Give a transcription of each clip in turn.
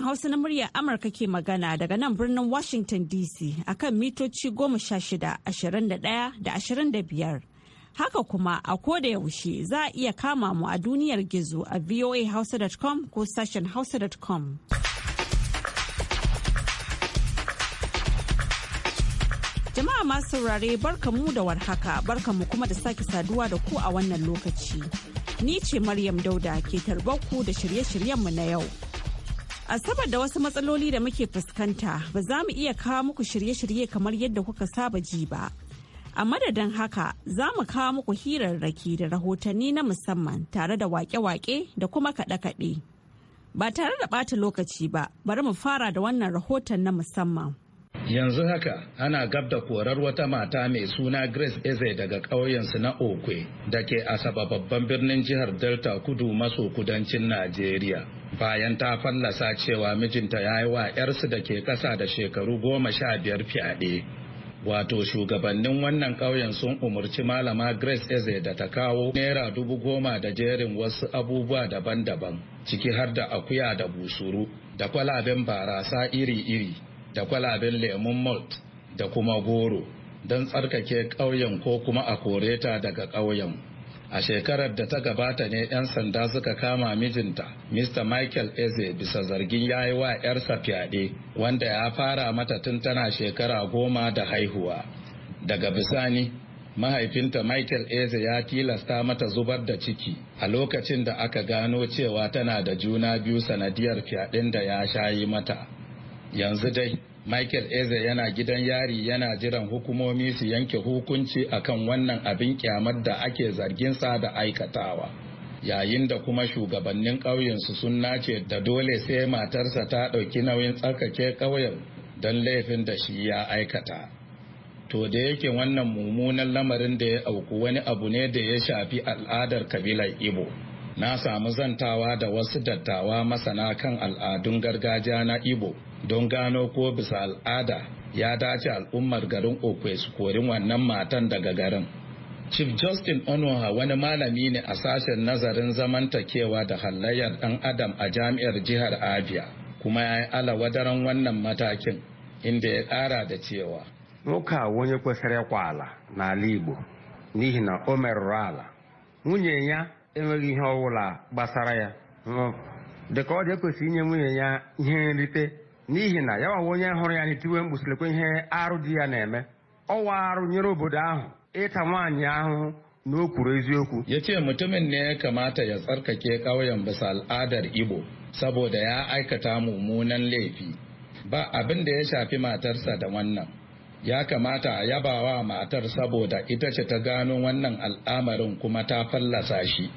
sashen Hausa na muryar Amurka ke magana daga nan birnin Washington DC a kan mitoci goma sha shida, ashirin da ɗaya da ashirin da biyar. Haka kuma a koda yaushe za a iya kama mu a duniyar gizo a voahausa.com ko sashen hausa.com. Jama'a masu saurare barkamu da warhaka barkamu kuma da sake saduwa da ku a wannan lokaci. Ni ce Maryam Dauda ke tarbar ku da shirye-shiryenmu na yau. a da wasu matsaloli da muke fuskanta ba za mu iya kawo muku shirye-shirye kamar yadda kuka saba ji ba. A madadin haka za mu kawo muku hirarraki da rahotanni na musamman tare da wake-wake da kuma kaɗe-kaɗe. Ba tare da ɓata lokaci ba, bari mu fara da wannan rahoton na musamman. Yanzu haka ana gab da korar wata mata mai suna Grace Eze daga ƙauyensu na Okwe da ke Asaba babban birnin jihar Delta kudu maso kudancin Najeriya. bayan ta fallasa cewa mijinta ya yi wa 'yarsu da ke ƙasa da shekaru goma sha biyar fyaɗe. Wato shugabannin wannan ƙauyen sun umarci malama Grace Eze da ta kawo naira dubu goma da jerin wasu abubuwa daban-daban ciki har da akuya da busuru da kwalaben barasa iri-iri da kwalaben lemon malt da kuma goro don tsarkake ƙauyen ko kuma a koreta daga ƙauyen. a shekarar da ta gabata ne 'yan sanda suka kama mijinta mr michael eze bisa zargin ya yi wa 'yarsa fyaɗe wanda ya fara mata tun tana shekara goma da haihuwa daga bisani mahaifinta michael eze ya tilasta mata zubar da ciki a lokacin da aka gano cewa tana da juna biyu sanadiyar fyaɗen da ya shayi mata yanzu dai Michael Eze yana gidan yari yana jiran hukumomi su yanke hukunci akan wannan abin kyamar da ake zargin sa da aikatawa. Yayin da kuma shugabannin ƙauyensu sun nace da dole sai matarsa ta ɗauki nauyin tsarkake ƙauyen don laifin da shi ya aikata. To da yake wannan mummunan lamarin da ya auku wani abu ne da ya shafi al'adar kabilar Ibo. Na samu zantawa da wasu dattawa masana kan al'adun gargajiya na Ibo. don gano ko bisa al'ada ya dace al'ummar garin okwe su korin wannan matan daga garin chief justin onoha wani malami ne a sashen nazarin zamantakewa da halayyar dan adam a jami'ar jihar abia kuma ya yi alawadaran wannan matakin inda ya kara da cewa Nuka a kwasar kwesịrị ịkwa ala n'ala n'ihi na o merụrụ ala nwunye ya enweghị ihe ọbụla gbasara ya mm, dịka ọ dị ekwesịrị inye nwunye ya ihe nrite n'ihi na ya nwawa onye hụrụ ya n'itiwe mkpu silekwa ihe arụ dị ya na-eme ọwa arụ nyere obodo ahụ ịta nwaanyị ahụhụ na o kwuru eziokwu ya ce mutumin ne ya kamata ya tsarkake ƙauyen bisa al'adar igbo saboda ya aikata mummunan laifi ba abin da ya shafi matarsa da wannan ya kamata a yaba wa matar saboda ita ce ta gano wannan al'amarin kuma ta fallasa shi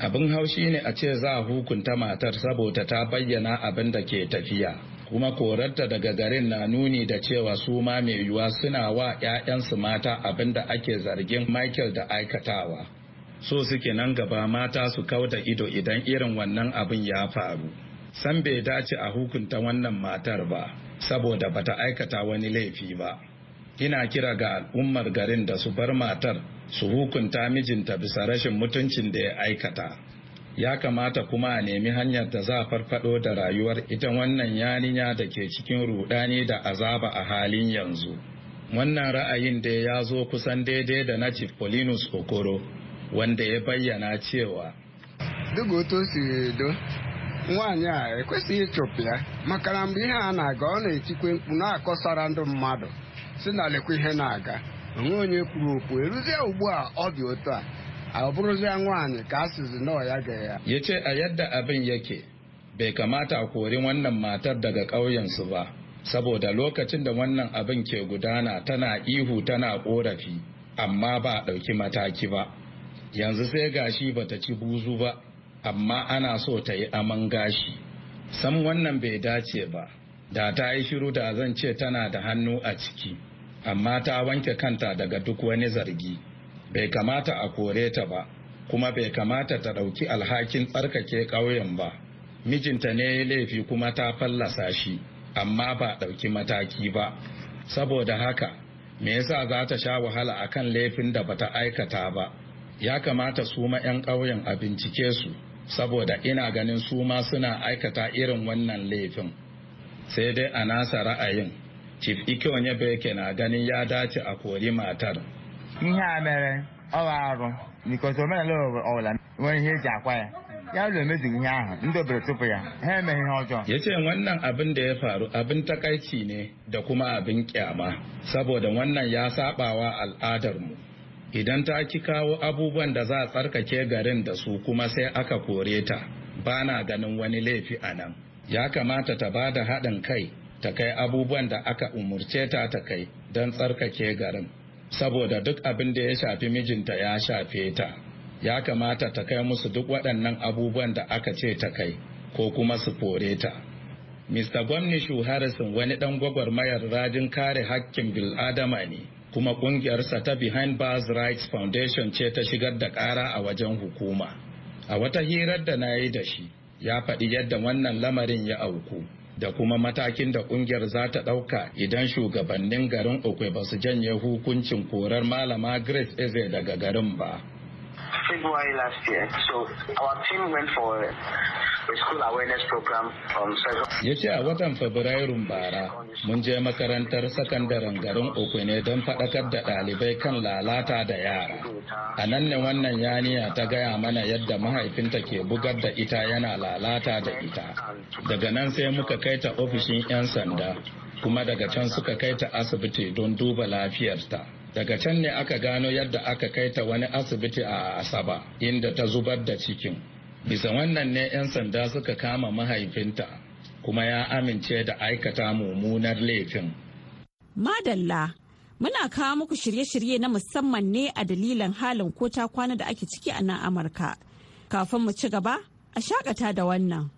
abin haushi ne a ce za a hukunta matar saboda ta bayyana abin da ke tafiya kuma korarta daga garin na nuni da cewa su ma mai yiwuwa suna wa 'ya'yansu mata abin da ake zargin michael da aikatawa so suke nan gaba mata su kauda ido idan irin wannan abin ya faru san bai dace a hukunta wannan matar ba saboda bata aikata wani laifi ba ina kira ga al'ummar garin da su bar matar su hukunta mijinta bisa rashin mutuncin da ya aikata ya kamata kuma a nemi hanyar da za a farfado da rayuwar ita wannan yaninya da ke cikin rudani da azaba a halin yanzu wannan ra'ayin da ya zo kusan daidai da na chief polinus okoro wanda ya bayyana cewa duk otu si do nwaanyị a ekwesịghị ịchụpụ ya maka na mgbe ihe a na-aga ọ na-etikwe mkpu na-akọsara ndị mmadụ si na lekwa ihe na-aga onwe onye kwuru okwu eruzie ugbu a ọ dị otu a ọ ya ya ce a yadda abin yake bai kamata a kori wannan matar daga ƙauyensu ba saboda lokacin da wannan abin ke gudana tana ihu tana korafi amma ba a ɗauki mataki ba yanzu sai gashi ba ta ci buzu ba amma ana so ta yi aman gashi san wannan bai dace ba da ta yi shiru da zan ce tana da hannu a ciki amma ta wanke kanta daga duk wani zargi bai kamata a kore ta ba kuma bai kamata ta ɗauki alhakin tsarkake ƙauyen ba mijinta ne ya laifi kuma ta fallasa shi amma ba ɗauki mataki ba saboda haka me yasa za ta sha wahala akan laifin da bata aikata ba ya kamata su ma 'yan ƙauyen a bincike su saboda ina ganin su ma suna aikata irin wannan laifin sai dai a nasa ra'ayin chief ikonye beke na ganin ya dace a kori matar ihe a mere ọrụ arụ nikọta omenala ọbụla nwere ihe eji akwa ya ya ụlọ emezighị ihe ahụ ndị obere tupu ya ha emeghị ihe ọjọọ ya ce wannan abin da ya faru abin takaici ne da kuma abin kyama saboda wannan ya sabawa al'adarmu idan ta ki kawo abubuwan da za a tsarkake garin da su kuma sai aka kore ta ba na ganin wani laifi a nan ya kamata ta ba da haɗin kai ta kai abubuwan da aka umurce ta ta kai don tsarkake garin saboda duk abin da ya shafi mijinta ya shafe ta ya kamata ta kai musu duk waɗannan abubuwan da aka ce ta kai ko kuma su kore ta mr gwamnishu harrison wani ɗan gwagwarmayar rajin kare hakkin bil'adama ne kuma ƙungiyarsa ta behind bars rights foundation ce ta shigar da ƙara a wajen hukuma a wata hirar da na yi da shi ya faɗi yadda wannan lamarin ya auku da kuma matakin da kungiyar za ta ɗauka idan shugabannin garin Okwe ba su janye hukuncin korar malama Grace Eze daga garin ba. February last year, so our team went for Ya ce a watan Fabrairun bara mun je makarantar sakandaren garin Okune don faɗakar da ɗalibai kan lalata da yara. A nan ne wannan yaniya ta gaya mana yadda mahaifinta ke bugar da ita yana lalata da ita. Daga nan sai muka kai ta ofishin 'yan sanda kuma daga can suka kai ta asibiti don duba lafiyarta. daga can ne aka gano yadda aka kai ta wani asibiti a asaba inda ta zubar da cikin bisa wannan ne 'yan sanda suka kama mahaifinta kuma ya amince da aikata mummunar laifin madalla muna kawo muku shirye-shirye na musamman ne a dalilin halin ko ta kwana da ake ciki a nan amurka kafin mu ci gaba a shakata da wannan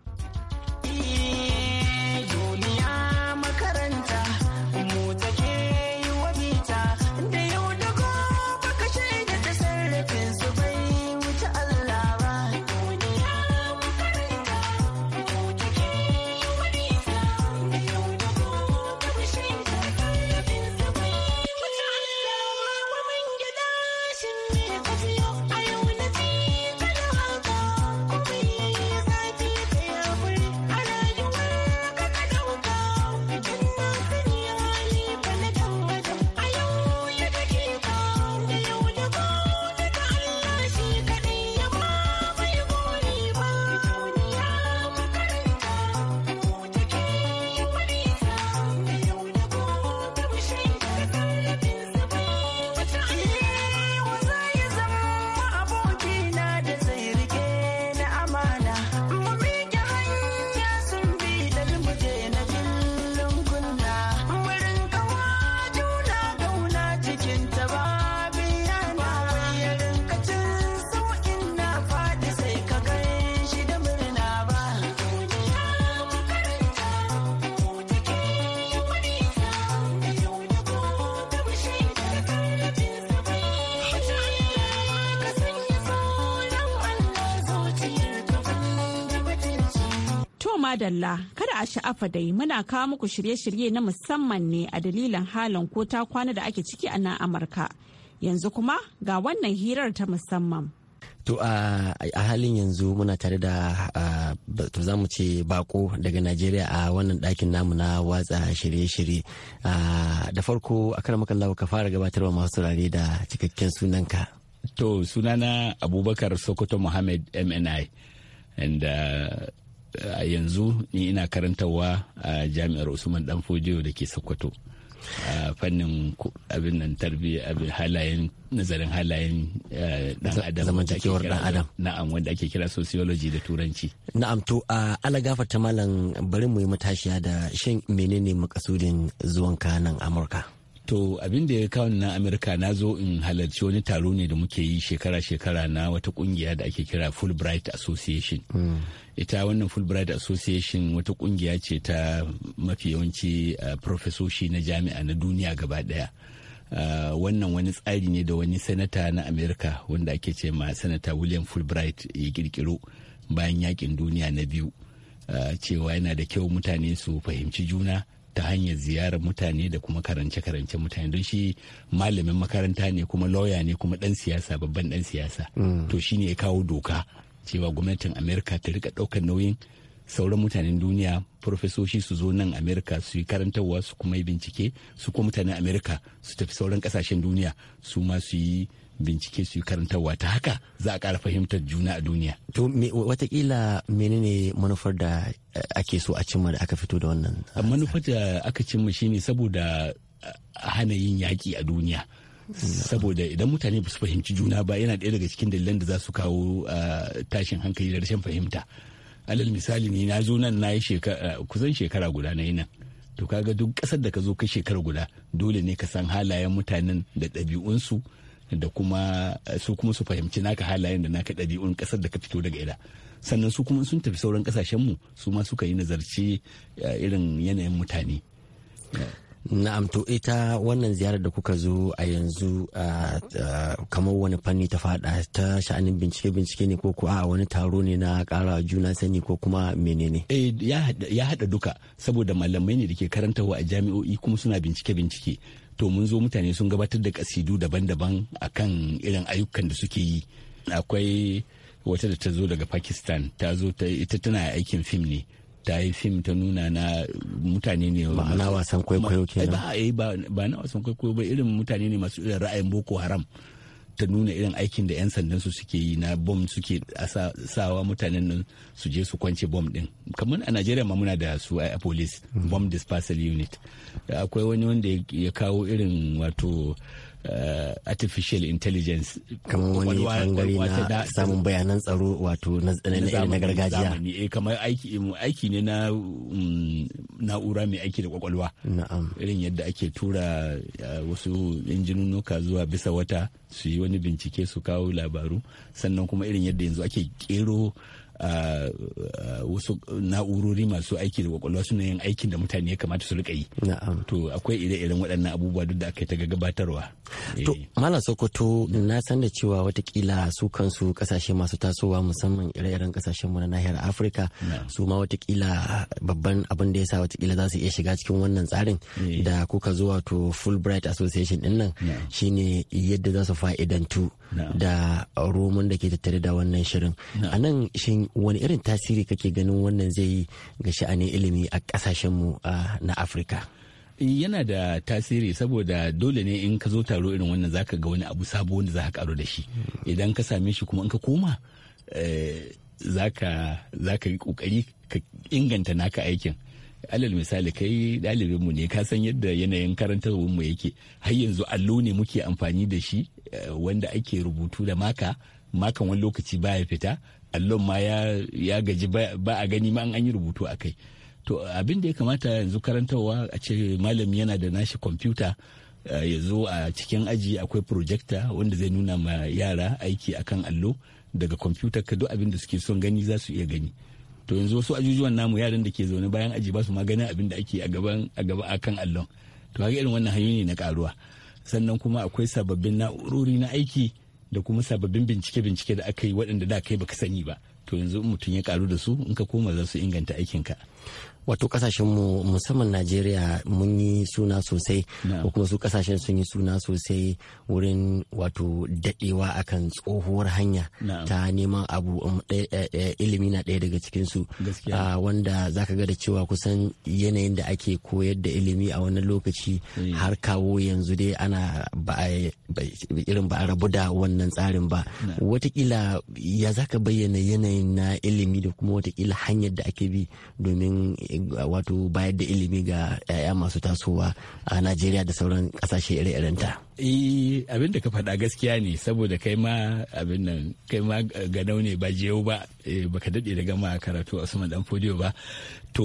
madalla kada a sha'afa dai muna kawo muku shirye-shirye na musamman ne a dalilin halin ko ta kwana da ake ciki a nan Amurka. Yanzu kuma ga wannan hirar ta musamman. To a halin yanzu muna tare da to za mu ce bako daga Najeriya a wannan ɗakin namu na watsa shirye-shirye. Da farko a kan makallawa ka fara gabatarwa masu turare da cikakken sunanka. To sunana Abubakar Sokoto Muhammad MNI. And uh, a yanzu ni ina karantarwa a jami'ar usman dan fodiyo da ke sokoto a fannin abin nan tarbiyya abin halayen nazarin halayen eh, dan adam dan adam na'am wanda ake kira sociology da turanci na'am to a gafa ta malam bari mu yi matashiya da shin menene makasudin zuwan kanan amurka to abin da ya kawo na amurka na zo in halarci wani taro ne da muke yi shekara-shekara na wata kungiya da ake kira fulbright association hmm. ita wannan fulbright association wata kungiya ce ta mafi yawanci uh, profesoshi na jami'a na duniya gaba daya Uh, wannan wani tsari ne da wani sanata na amerika wanda ake ce ma sanata william fulbright ya kirkiro bayan yakin duniya na biyu uh, cewa yana da kyau mutane su fahimci juna ta hanyar ziyarar mutane da kuma karance-karance mutane don shi malamin makaranta ne kuma lauya ne kuma dan siyasa babban dan siyasa mm. to shine ya kawo doka cewa gwamnatin amerika ta rika ɗaukar nauyin sauran mutanen duniya profesoshi su zo nan amerika su yi karantarwa su kuma yi bincike su kuma mutanen amerika su tafi sauran kasashen duniya su ma su yi bincike su yi karantarwa ta haka za a kara fahimtar juna a duniya. To watakila menene manufar da eh, ake so a cimma da aka fito da wannan? Eh, manufar da aka cimma shine saboda eh, hana yin yaƙi a duniya. Mm. saboda idan mutane ba su fahimci juna ba yana ɗaya daga cikin dalilan da za su kawo tashin hankali da rashin fahimta alal misali ni na zo nan na yi eh, kusan shekara guda na yi nan to kaga duk ƙasar da ka zo ka shekara guda dole ne ka san halayen mutanen da ɗabi'unsu da kuma eh, su kuma su fahimci naka halayen da naka ɗabi'un ƙasar da ka fito daga ida sannan su kuma sun tafi sauran ƙasashenmu su ma suka yi nazarci eh, irin yanayin mutane Na'am to ita wannan ziyarar da kuka zo a yanzu kamar wani fanni ta fada ta sha'anin bincike bincike ne ko ko a wani taro ne na kara juna sani ko kuma menene? Eh, ya hada duka saboda malamai ne da ke karantarwa a jami'o'i kuma suna bincike bincike. To mun zo mutane sun gabatar da kasidu daban-daban akan irin ayyukan da suke yi. Akwai wata da ta zo daga Pakistan ta zo ita tana aikin fim ne. ta yi fim ta nuna na mutane ne ma'ana wasan kwaikwayo ke ba eh, na wasan kwaikwayo ba irin mutane ne masu irin ra'ayin boko haram ta nuna irin aikin da 'yan sandan su suke yi na bom suke sawa mutanen nan su je su kwance bom din kamar a nigeria ma muna da su a police mm. bomb dispersal unit akwai wani wanda ya kawo irin wato uh, artificial intelligence kamar wani bangare na samun bayanan tsaro wato na gargajiya eh kamar aiki aiki ne na um, na'ura mai aiki da kwakwalwa irin yadda ake tura uh, wasu injinunuka zuwa bisa wata su yi wani bincike su kawo labaru sannan kuma irin yadda yanzu ake kero wasu na'urori masu aiki da kwakwalwa suna yin aikin da mutane ya kamata su rika yi to akwai ire-iren waɗannan abubuwa duk da aka yi ta gabatarwa to eh. malam sokoto na san da cewa watakila su kansu kasashe masu tasowa musamman ire-iren kasashen mu na nahiyar afirka su ma watakila babban abin da ya sa watakila za su iya shiga cikin wannan tsarin eh. da kuka zo wato fulbright association din nan shine yadda za su fa'idantu da romon da ke tattare da wannan shirin a nan shin wani irin tasiri kake ganin wannan zai yi ga sha'anin ilimi a kasashenmu na afirka yana da tasiri saboda dole ne in ka zo taro irin wannan zaka ga wani abu sabo wanda za ka karo da shi idan ka same shi kuma in ka koma eh, za ka yi kokari ka inganta naka aikin alal misali kai dalibinmu ne ka san yadda yanayin mu yake har yanzu allo ne muke amfani da shi eh, wanda ake rubutu da maka makan wani lokaci ba ya fita allon ma ya gaji ba a gani ma an yi rubutu a kai to abin da ya kamata yanzu karantarwa a ce malami yana da nashi kwamfuta eh, ya zo a cikin aji akwai projector wanda zai nuna ma yara aiki akan allo daga kwamfutar ka duk abin da suke son gani za su iya gani to yanzu wasu ajujuwan namu yaran da ke zaune bayan aji ba su maganin abin da ake a gaban a gaba akan allon to haka irin wannan hanyoyi ne na karuwa sannan kuma akwai sababbin na'urori na aiki da kuma sababbin bincike-bincike da aka yi waɗanda da kai baka sani ba to yanzu mutum ya karu da su in ka koma za su inganta aikinka wato kasashen mu musamman najeriya mun yi suna sosai ko kuma su kasashen sun yi suna sosai wurin wato dadewa akan tsohuwar hanya ta neman abu um, ilimi na ɗaya daga cikin cikinsu ah, wanda zaka ga da cewa kusan yanayin da ake koyar da ilimi a wannan lokaci eh. har kawo yanzu dai ana ba irin ba rabu da wannan tsarin ba watakila ya zaka bayyana yanayin na ilimi da kuma watakila hanyar da ake bi domin wato bayar da ilimi ga 'ya'ya masu tasowa a najeriya da sauran kasashe ire-irenta eh, abin da ka faɗa gaskiya ne saboda kai ma abin nan kai ma ganau ne ba jewu ba eh, baka daɗe da gama karatu a suma dan fodiyo ba to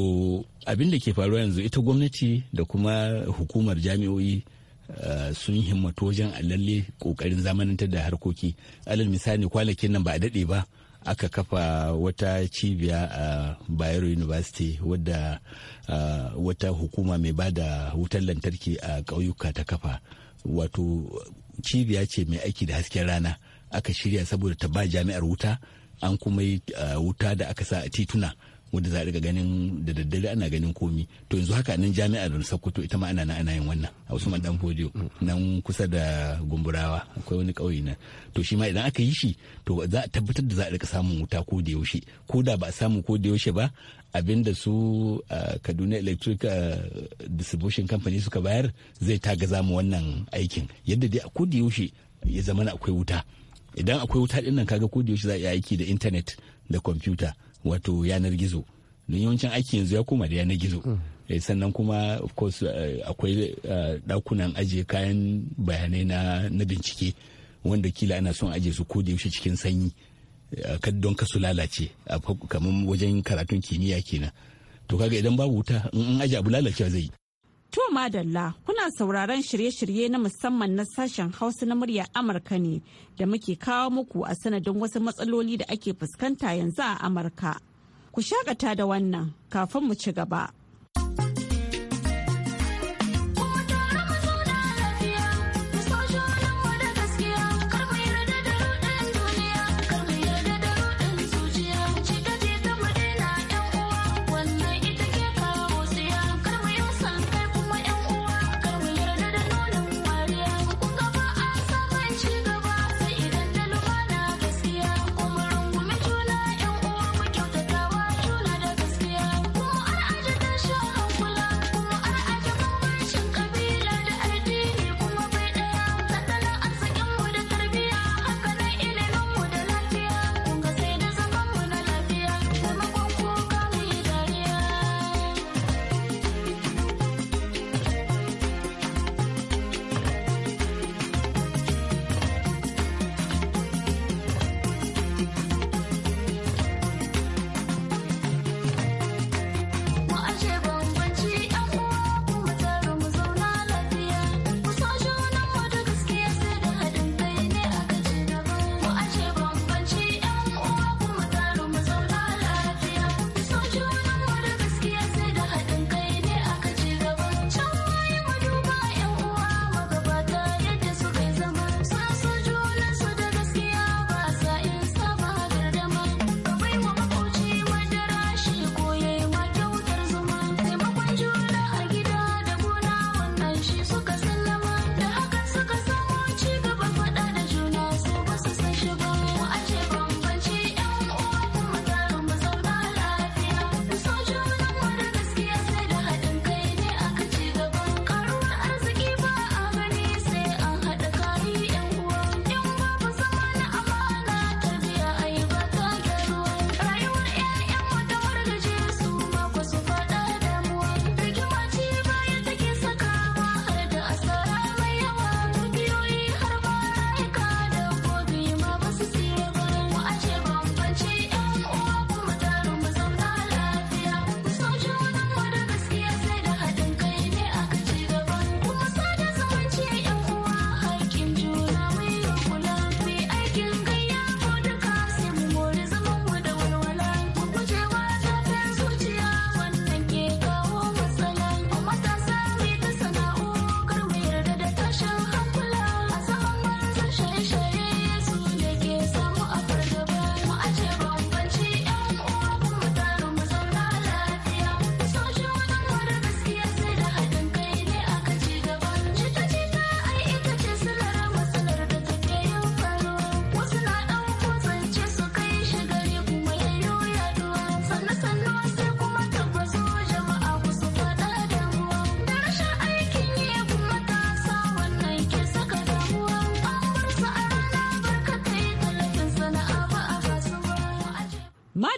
abin da ke faruwa yanzu ita gwamnati da kuma hukumar jami'o'i eh, sun himmatu wajen lalle kokarin zamanantar da harkoki alal misali kwanakin nan ba a daɗe ba aka kafa wata cibiya a bayero university wadda wata hukuma mai ba da wutar lantarki a ƙauyuka ta kafa wato cibiya ce mai aiki da hasken rana aka shirya saboda ta ba jami'ar wuta an kuma yi wuta da aka sa a tituna wanda za a riga ganin da daddare ana ganin komi to yanzu haka nan jami'ar sokoto ita ma ana na ana yin wannan a ma dan fodio nan kusa da gumburawa akwai wani ƙauye nan to shi ma idan aka yi shi to za a tabbatar da za a rika samun wuta ko da yaushe ko da ba a samu ko da yaushe ba abinda su kaduna electric distribution company suka bayar zai taga mu wannan aikin yadda dai ko da yaushe ya zama akwai wuta idan akwai wuta dinnan kaga ko da yaushe za a yi aiki da intanet da kwamfuta wato yanar gizo don yawancin aiki yanzu ya koma da yanar gizo mm. eh, sannan kuma of course eh, akwai dakunan eh, ajiye kayan bayanai na bincike wanda kila ana son ajiye su ko da yaushe cikin sanyi don su lalace kamar wajen karatun kimiyya kenan to kaga idan babu wuta in an aje abu lalacewa zai To Madalla kuna sauraron shirye-shirye na musamman na sashen Hausa na murya Amurka ne da muke kawo muku a sanadin wasu matsaloli da ake fuskanta yanzu a Amurka. Ku shakata da wannan kafin mu ci gaba.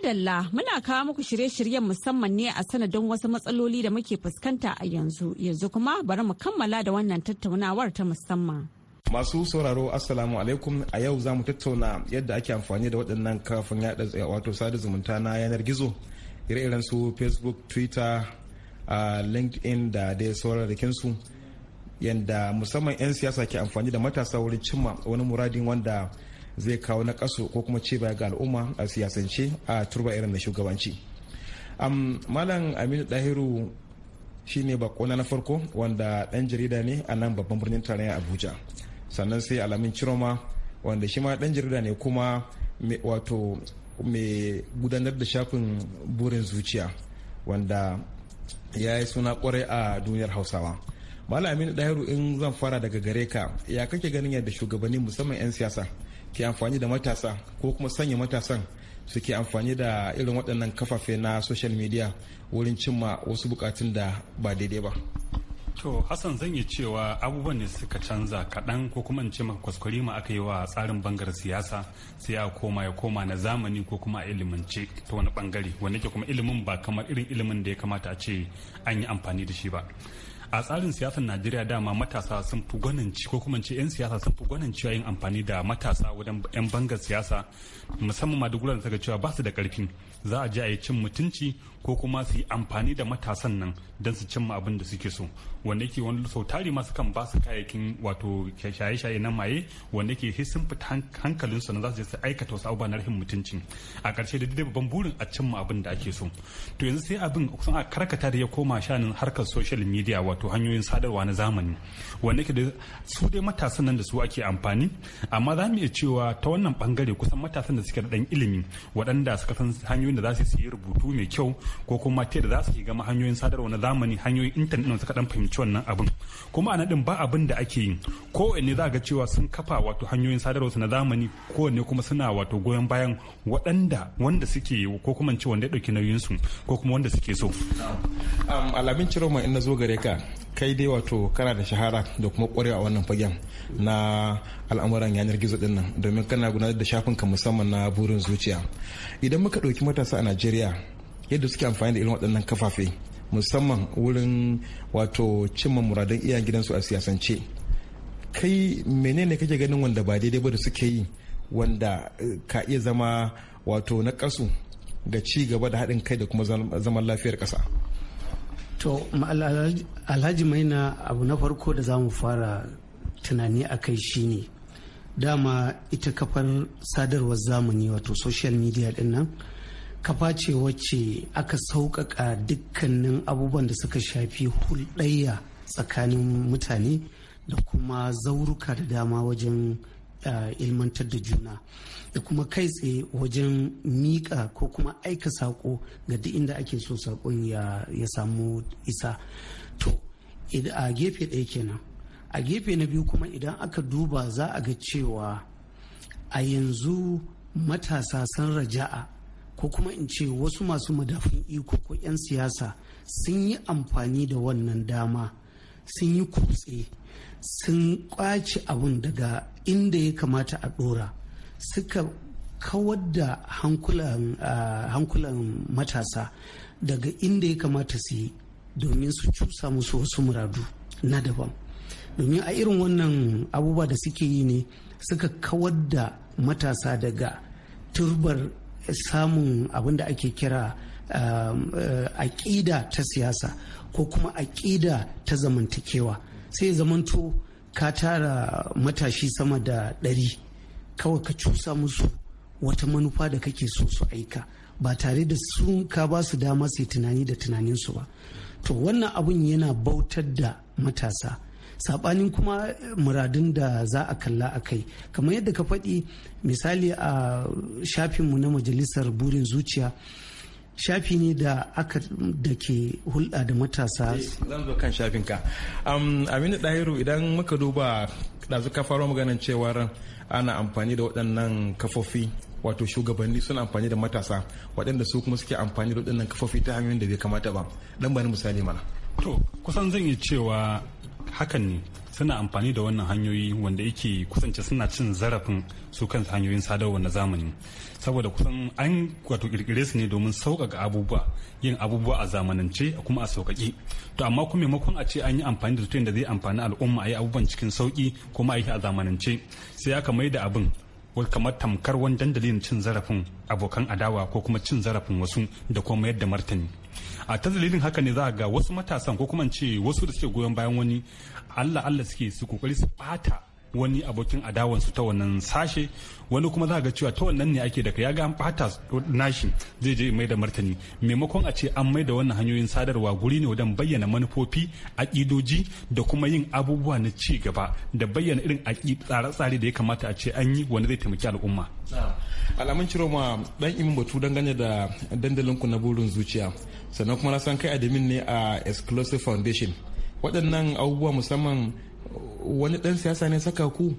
Dalla muna kawo muku shirye-shiryen musamman ne a sanadin wasu matsaloli da muke fuskanta a yanzu yanzu kuma bari mu kammala da wannan tattaunawar ta musamman. masu sauraro assalamu alaikum a yau za mu tattauna yadda ake amfani da waɗannan kafin yaɗa wato sada zumunta na yanar gizo ire-iren su facebook twitter linkedin da dai sauran su yadda musamman 'yan siyasa ke amfani da matasa wurin cimma wani muradin wanda zai kawo na kaso ko kuma ce baya ga al'umma a siyasance a turba irin na shugabanci malam aminu dahiru shi ne bakona na farko wanda dan jarida ne a nan babban birnin tarayya abuja sannan sai alamin ciroma wanda shi ma dan jarida ne kuma wato mai gudanar da shafin burin zuciya wanda ya yi suna kwarai a duniyar hausawa malam aminu dahiru in zan fara daga gare ka ya kake ganin yadda shugabanni musamman 'yan siyasa ke amfani da matasa ko kuma sanya matasan suke amfani da irin waɗannan kafafe na social media wurin cimma wasu bukatun da ba daidai ba to hassan zan yi cewa abubuwan ne suka canza kaɗan ko kuma ce maka kwaskwari ma aka yi wa tsarin bangar siyasa sai a koma ya koma na zamani ko kuma a ilimance ta wani bangare wanda ke kuma ilimin ba kamar irin ilimin da ya kamata a ce an yi amfani da shi ba a tsarin siyasar najeriya dama matasa sun fi gwaninci ko kuma ce 'yan siyasa sun fi gwaninci yin amfani da matasa wajen 'yan bangar siyasa musamman duk da suka cewa ba su da karfi za a je a yi cin mutunci ko kuma su yi amfani da matasan nan don su cimma abin da suke so wanda yake wani sau tari masu kan ba su kayayyakin wato shaye-shaye na maye wanda yake sai sun fita hankalinsu na za su je su aikata wasu abubuwa na rahin mutunci a ƙarshe da dai babban burin a cimma abin da ake so to yanzu sai abin kusan a karkata da ya koma shanin harkar social media wato hanyoyin sadarwa na zamani wanda ke da su dai matasan nan da su ake amfani amma za mu iya cewa ta wannan bangare kusan matasan da suke da dan ilimi waɗanda suka san hanyoyin da za su yi rubutu mai kyau ko kuma ta da za su yi gama hanyoyin sadarwa na zamani hanyoyin intanet ɗin suka dan fahimci wannan abin kuma a din ba abin da ake yi ne za ga cewa sun kafa wato hanyoyin sadarwa na zamani ne kuma suna wato goyon bayan waɗanda wanda suke ko kuma ce wanda ya ɗauki nauyinsu ko kuma wanda suke so. alamin ciro ma in na zo gare ka kai dai wato kana da shahara da kuma kwarewa a wannan fagen na al'amuran yanar gizo din nan domin kana gudanar da shafinka musamman na burin zuciya idan muka ɗauki matasa a najeriya yadda suke amfani da irin waɗannan kafafe musamman wurin wato cimma muradan iya gidansu a siyasance kai menene kake ganin wanda ba daidai ba da suke yi wanda eh, ka iya zama wato na kasu ga ci gaba da haɗin kai da kuma zaman lafiyar ƙasa. to alhaji maina abu na farko da za mu fara tunani a kai shi shine dama ita kafar sadarwar zamani wato social media din nan kafa ce wacce aka sauƙaƙa dukkanin abubuwan da suka shafi hulɗayya tsakanin mutane da kuma zauruka da dama wajen ilmantar da juna da kuma kai tsaye wajen miƙa ko kuma aika saƙo ga duk inda ake so saƙon ya samu isa to a gefe ɗaya kenan a gefe na biyu kuma idan aka duba za a ga cewa a yanzu matasa san raja'a ko kuma in ce wasu masu madafin iko ko 'yan siyasa sun yi amfani da wannan dama sun yi kutse sun kwaci abun daga inda ya kamata a dora suka kawar da hankulan matasa daga inda ya kamata su yi domin su cusa musu wasu muradu na daban domin a irin wannan abubuwa da suke yi ne suka kawar da matasa daga turbar samun abin da ake kira aƙida ta siyasa ko kuma aƙida ta zamantakewa sai zamanto ka tara matashi sama da ɗari kawai ka cusa musu wata manufa da kake so su aika ba tare da sun ka ba su dama sai tunani da tunaninsu ba to wannan abun yana bautar da matasa sabanin kuma muradun da za a kalla a kai kamar yadda ka faɗi misali a shafinmu na majalisar burin zuciya shafi ne da aka da ke hulɗa da matasa eh, zan zo kan shafin ka aminu ɗahiru idan muka duba ɗazu ka faro maganin cewar ana amfani da waɗannan kafofi wato shugabanni suna amfani da matasa waɗanda su kuma suke amfani da waɗannan kafofi ta hanyoyin da bai kamata ba dan bani misali mana to kusan zan yi cewa hakan ne suna amfani da wannan hanyoyi wanda yake kusance suna cin zarafin su kan hanyoyin sadarwa na zamani saboda kusan an wato kirkire su ne domin sauƙaƙa abubuwa yin abubuwa a zamanance kuma a sauƙaƙe to amma kuma maimakon a ce an yi amfani da tutun da zai amfani al'umma a yi abubuwan cikin sauƙi kuma a yi a zamanance sai aka mai da abin kamar tamkar wani dandalin cin zarafin abokan adawa ko kuma cin zarafin wasu da kuma yadda martani a ta dalilin haka ne za a ga wasu matasan ko kuma ce wasu da suke goyon bayan wani allah allah suke su kokari su bata wani abokin adawansu ta wannan sashe wani kuma za ga cewa ta wannan ne ake daga ya ga an bata nashi zai je mai da martani maimakon a ce an mai da wannan hanyoyin sadarwa guri ne wajen bayyana manufofi ƙidoji da kuma yin abubuwa na ci gaba da bayyana irin tsare-tsare da ya kamata a ce an yi wani zai taimaki al'umma. alamun ciro ma dan imin batu dangane da dandalin ku na burin zuciya sannan kuma na san kai adamin ne a exclusive foundation waɗannan abubuwa musamman wani dan siyasa ne saka ku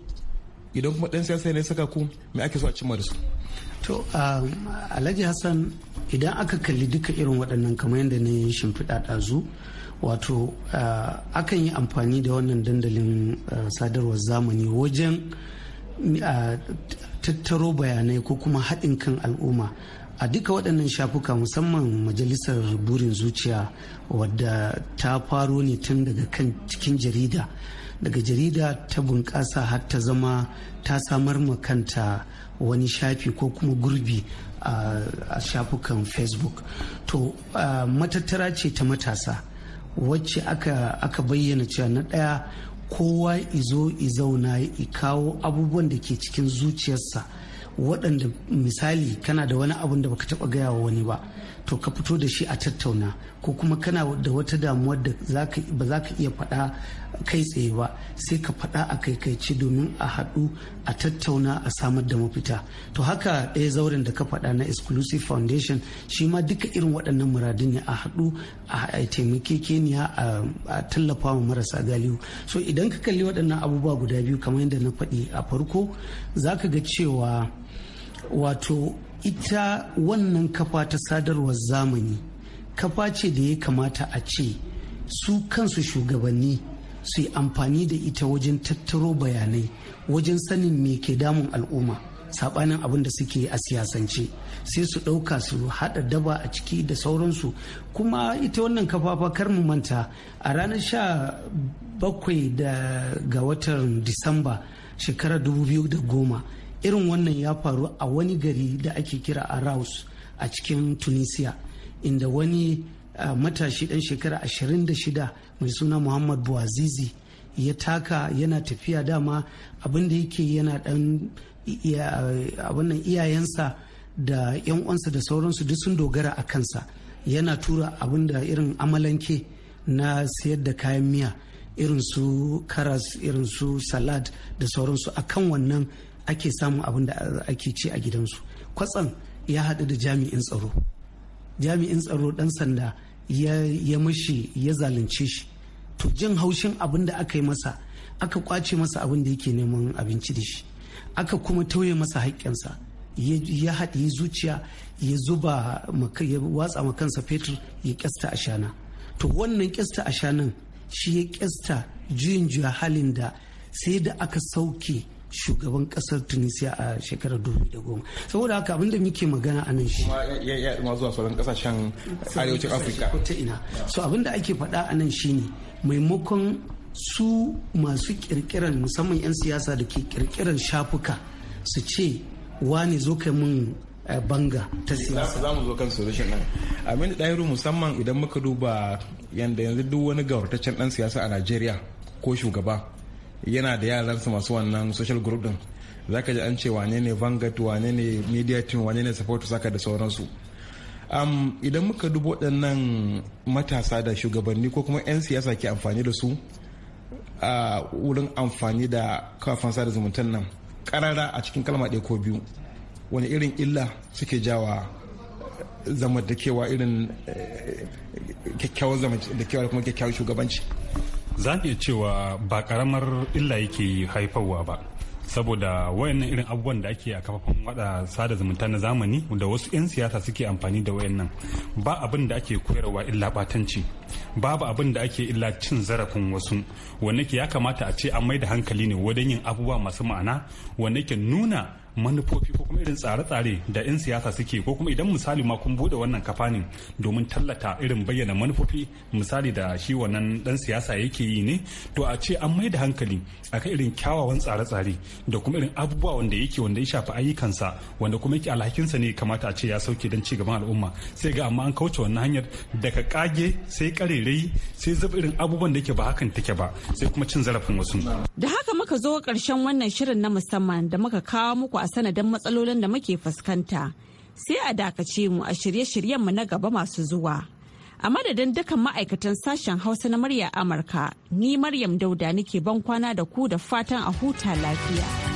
idan kuma dan siyasa ne saka ku me ake so a cimma da su to um, alhaji hassan idan aka kalli duka irin waɗannan kamar yadda na yi shimfiɗa ɗazu wato uh, akan yi amfani da wannan dandalin uh, sadarwar zamani wajen uh, tattaro bayanai ko kuma haɗin kan al'umma a duka waɗannan shafuka musamman majalisar burin zuciya wadda ta faro ne tun daga kan cikin jarida daga jarida ta bunƙasa har ta zama ta samar ma kanta wani shafi ko kuma gurbi a shafukan facebook to matattara ce ta matasa wacce aka bayyana cewa na ɗaya kowa izo izauna ya kawo abubuwan da ke cikin zuciyarsa waɗanda misali kana da wani abun da baka taɓa gaya wa wani ba to ka fito da shi a tattauna ko kuma kana da wata damuwa da ba za ka iya faɗa kai tsaye ba sai ka faɗa a kai kaikaici domin a haɗu a tattauna a samar da mafita to haka ɗaya zauren da ka faɗa na exclusive foundation shi ma duka irin waɗannan muradun ne a haɗu a keniya a tallafa wa marasa galiu. so idan ka kalli waɗannan abubuwa guda biyu kamar yadda na faɗi a farko za ka ga cewa wato ita wannan kafa ta sadarwar zamani kafa ce da ya kamata a ce su kansu shugabanni su yi amfani da ita wajen tattaro bayanai wajen sanin me ke damun al'umma sabanin abin da suke a siyasance sai su ɗauka su haɗa daba a ciki da sauransu kuma ita wannan kafafa kar mu manta a ranar sha bakwai da ga watan disamba shekarar 2010 irin wannan ya faru a wani gari da ake kira a raus a cikin tunisia inda wani matashi dan shekara 26 mai suna muhammad buazizi ya taka yana tafiya dama abinda yake yana dan abinnan iyayensa da yan uwansa da sauransu duk sun dogara a kansa yana tura abinda irin amalanke na sayar da kayan miya irin su karas irin su salad da sauransu akan wannan ake samun abin da ake ci a gidansu kwatsam ya haɗu da jami'in tsaro jami'in tsaro ɗan sanda ya mashi ya zalunce shi to jin haushin abin da aka yi masa aka kwace masa abin da yake neman abinci da shi aka kuma tauye masa haƙƙinsa ya haɗe zuciya ya zuba ya watsa ma kansa fetur ya kyasta ashana to wannan kyasta ashanan shi ya kyasta juyin juya halin da sai da aka sauke shugaban kasar tunisia a shekarar 2010 saboda haka abinda muke magana a nan shi ya yaɗu zuwa sauran kasashen arewacin afirka ta ina so abinda ake faɗa a nan shine maimakon su masu kirkiran musamman 'yan siyasa da ke kirkiran shafuka su ce wani zo kai min eh, banga ta siyasa za mu zo kan solution din amin dairu musamman idan muka duba yanda yanzu duk wani can dan siyasa a Najeriya ko shugaba yana da yaransa masu wannan social group din zaka ji an ce wane ne vanguard wane ne media team wane ne support saka da sauransu um, idan muka dubo waɗannan matasa da shugabanni ko kuma 'yan siyasa ke amfani da su a wurin amfani da kafan sada zumuntan nan karara a cikin kalma ɗaya ko biyu wani irin illa suke jawa zamantakewa irin eh, kyakkyawar zamantakewa da kuma kyakkyawar shugabanci za iya cewa ba karamar illa yake haifarwa ba saboda wayannan irin abubuwan da ake a kafafen wada sada zumunta na zamani da wasu 'yan siyasa suke amfani da wayannan ba abin da ake koyarwa illa batanci babu abin da ake illa cin zarafin wasu wanda ke ya kamata a ce an mai da hankali ne wajen yin abubuwa masu ma'ana wanda ke nuna manufofi ko kuma irin tsare-tsare da 'yan siyasa suke ko kuma idan misali ma kun bude wannan kafanin domin tallata irin bayyana manufofi misali da shi wannan dan siyasa yake yi ne to a ce an mai da hankali akan irin kyawawan tsare-tsare da kuma irin abubuwa wanda yake wanda ya shafi ayyukansa wanda kuma yake alhakinsa ne kamata a ce ya sauke don ci gaban al'umma sai ga amma an kauce wannan hanyar daga kage sai karerai sai zaba abubuwan da ke ba hakan take ba sai kuma cin zarafin wasu da haka muka zo karshen wannan shirin na musamman da muka kawo muku a sanadin matsalolin da muke fuskanta sai a dakace mu a shirye-shiryen mu na gaba masu zuwa a madadin dukkan ma'aikatan sashen hausa na murya amurka ni maryam dauda nake ban kwana da ku da fatan a huta lafiya.